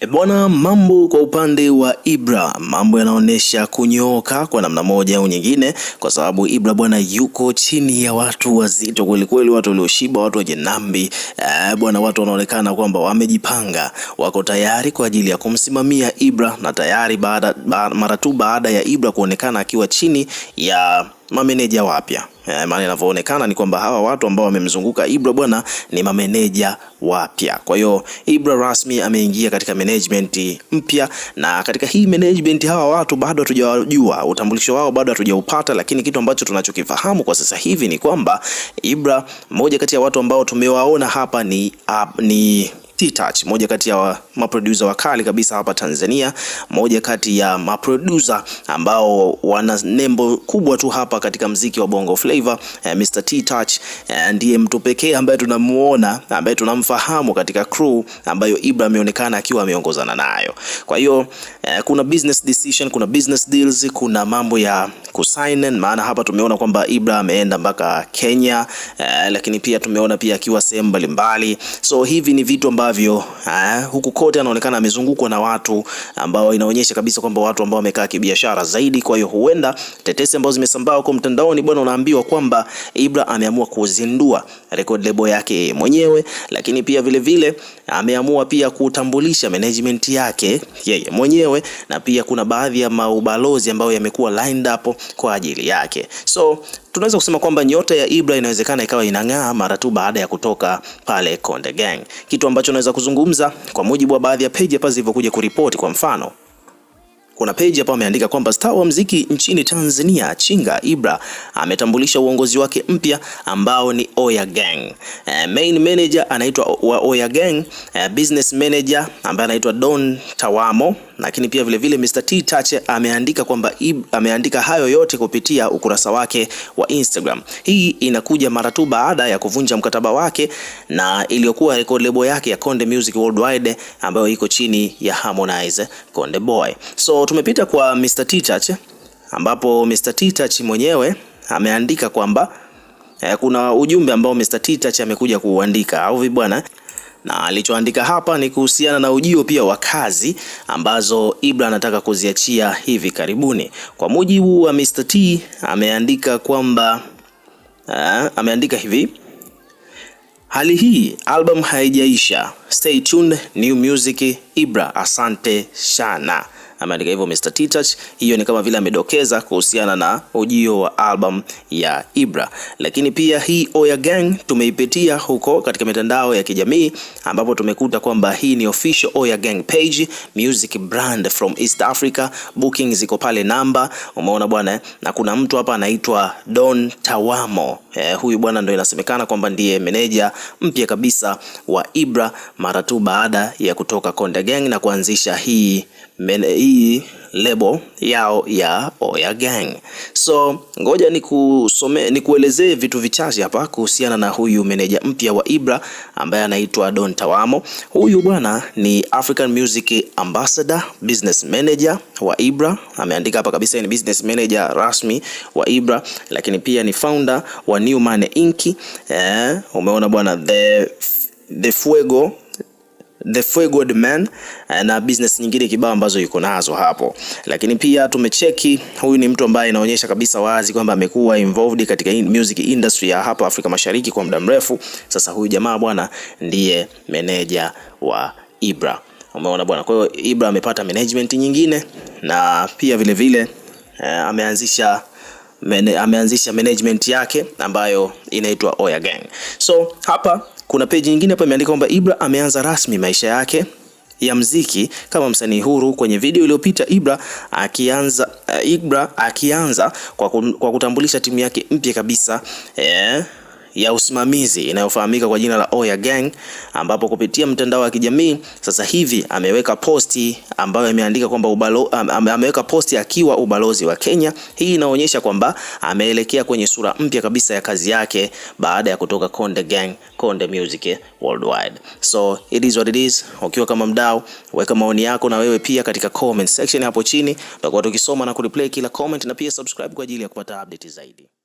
E bwana, mambo kwa upande wa Ibra, mambo yanaonyesha kunyooka kwa namna moja au nyingine, kwa sababu Ibra bwana yuko chini ya watu wazito kwelikweli, watu walioshiba, watu wenye nambi e, bwana, watu wanaonekana kwamba wamejipanga, wako tayari kwa ajili ya kumsimamia Ibra na tayari baada, ba, mara tu baada ya Ibra kuonekana akiwa chini ya mameneja wapya. Eh, maana inavyoonekana ni kwamba hawa watu ambao wamemzunguka Ibra bwana ni mameneja wapya. Kwa hiyo Ibra rasmi ameingia katika management mpya, na katika hii management hawa watu bado hatujawajua, utambulisho wao bado hatujaupata, lakini kitu ambacho tunachokifahamu kwa sasa hivi ni kwamba Ibra, moja kati ya watu ambao tumewaona hapa ni, uh, ni T-Touch, moja kati ya wa maproducer wakali kabisa hapa Tanzania, moja kati ya maproducer ambao wana nembo kubwa tu hapa katika mziki wa Bongo Flava eh, Mr T Touch eh, ndiye mtu pekee ambaye tunamuona ambaye tunamfahamu katika crew ambayo Ibra ameonekana akiwa ameongozana nayo. Kwa hiyo eh, kuna business decision, kuna business deals, kuna mambo ya kusign, maana hapa tumeona kwamba Ibra ameenda mpaka Kenya eh, lakini pia tumeona pia akiwa sehemu mbalimbali, so hivi ni vitu ambavyo eh, huku kote anaonekana amezungukwa na watu ambao inaonyesha kabisa kwamba watu ambao wamekaa kibiashara zaidi. Kwa hiyo huenda tetesi ambazo zimesambaa huko mtandaoni, bwana, unaambiwa kwamba Ibra ameamua kuzindua record label yake mwenyewe, lakini pia vile vile ameamua pia kutambulisha management yake yeye mwenyewe, na pia kuna baadhi ya maubalozi ambayo yamekuwa lined up kwa ajili yake. So tunaweza kusema kwamba nyota ya Ibra inawezekana ikawa inang'aa mara tu baada ya kutoka pale Konde Gang, kitu ambacho naweza kuzungumza kwa mujibu wa baadhi ya page hapa zilivyokuja kuripoti. Kwa mfano kuna peji hapa ameandika kwamba star wa mziki nchini Tanzania Chinga Ibra ametambulisha uongozi wake mpya ambao ni Oya Gang. E, main manager anaitwa Oya Gang, e, business manager ambaye anaitwa Don Tawamo, lakini pia vile vile Mr T Touch ameandika kwamba ameandika hayo yote kupitia ukurasa wake wa Instagram. Hii inakuja mara tu baada ya kuvunja mkataba wake na iliyokuwa record label yake ya Konde Music Worldwide ambayo iko chini ya Harmonize Konde Boy. So tumepita kwa Mr. T Church ambapo Mr. T Church mwenyewe ameandika kwamba eh, kuna ujumbe ambao Mr. T Church amekuja kuuandika au vi bwana, na alichoandika hapa ni kuhusiana na ujio pia wa kazi ambazo Ibra anataka kuziachia hivi karibuni. Kwa mujibu wa Mr. T ameandika kwamba eh, ameandika hivi Hali hii album haijaisha. Stay tuned, new music Ibra. Asante sana ameandika hivyo Mr T-Touch. Hiyo ni kama vile amedokeza kuhusiana na ujio wa album ya Ibra, lakini pia hii Oya Gang tumeipitia huko katika mitandao ya kijamii ambapo tumekuta kwamba hii ni official Oya Gang page, music brand from East Africa, booking ziko pale namba, umeona bwana, eh? na kuna mtu hapa anaitwa Don Tawamo eh, huyu bwana ndio inasemekana kwamba ndiye meneja mpya kabisa wa Ibra mara tu baada ya kutoka Konde Gang na kuanzisha hii, hii hii lebo yao ya Oya Gang. So ngoja ni nikuelezee vitu vichache hapa kuhusiana na huyu meneja mpya wa Ibra ambaye anaitwa Don Tawamo. Huyu bwana ni African Music Ambassador, business manager wa Ibra. Ameandika hapa kabisa ni business manager rasmi wa Ibra, lakini pia ni founder wa New Inc. Eh, umeona bwana the, the Fuego The Four Man eh, na business nyingine kibao ambazo yuko nazo hapo, lakini pia tumecheki, huyu ni mtu ambaye inaonyesha kabisa wazi kwamba amekuwa involved katika music industry ya hapa Afrika Mashariki kwa muda mrefu. Sasa huyu jamaa bwana ndiye meneja wa Ibra, umeona bwana. Kwa hiyo Ibra amepata management nyingine na pia vile vile eh, ameanzisha ameanzisha management yake ambayo inaitwa Oya Gang. So hapa kuna peji nyingine hapa imeandika kwamba Ibra ameanza rasmi maisha yake ya mziki kama msanii huru. Kwenye video iliyopita Ibra akianza, eh, Ibra akianza kwa, kwa kutambulisha timu yake mpya kabisa yeah ya usimamizi inayofahamika kwa jina la Oya Gang, ambapo kupitia mtandao wa kijamii sasa hivi ameweka posti ambayo imeandika kwamba ubalo, ameweka posti akiwa ubalozi wa Kenya. Hii inaonyesha kwamba ameelekea kwenye sura mpya kabisa ya kazi yake baada ya kutoka Konde Gang, Konde Music Worldwide. So it is what it is. Ukiwa kama mdau, weka maoni yako na wewe pia katika comment section hapo chini, tutakuwa tukisoma na kureplay kila comment, na pia subscribe kwa ajili ya kupata update zaidi.